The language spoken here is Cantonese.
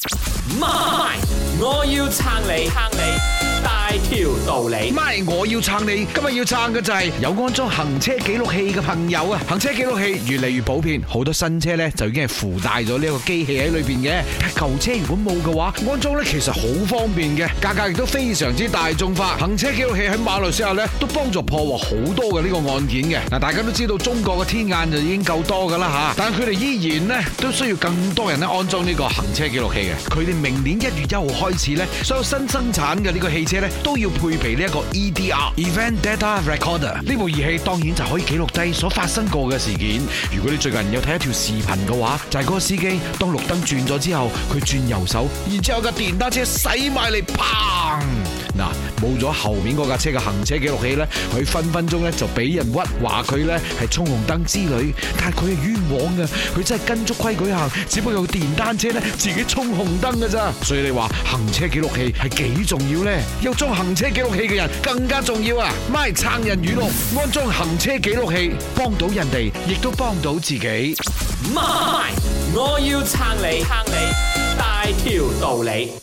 媽咪，My, 我要撐你，撐你。大條道理，咪我要撐你，今日要撐嘅就係有安裝行車記錄器嘅朋友啊！行車記錄器越嚟越普遍，好多新車咧就已經係附帶咗呢個機器喺裏邊嘅。舊車如果冇嘅話，安裝咧其實好方便嘅，價格亦都非常之大眾化。行車記錄器喺馬來西亞咧都幫助破獲好多嘅呢個案件嘅。嗱，大家都知道中國嘅天眼就已經夠多噶啦吓，但係佢哋依然咧都需要更多人咧安裝呢個行車記錄器嘅。佢哋明年一月一號開始咧，所有新生產嘅呢個汽車咧都要配備呢一個 EDR (Event Data Recorder) 呢部儀器，當然就可以記錄低所發生過嘅事件。如果你最近有睇一條視頻嘅話，就係嗰個司機當綠燈轉咗之後，佢轉右手，然之後有架電單車使埋嚟，砰！嗱，冇咗後面嗰架車嘅行車記錄器咧，佢分分鐘咧就俾人屈話佢咧係衝紅燈之類，但係佢係冤枉㗎，佢真係跟足規矩行，只不過有電單車咧自己衝紅燈㗎。咋。所以你話行車記錄器係幾重要咧？有裝行車記錄器嘅人更加重要啊！咪撐人語錄，安裝行車記錄器，幫到人哋，亦都幫到自己。咪我要撐你，撐你大條道理。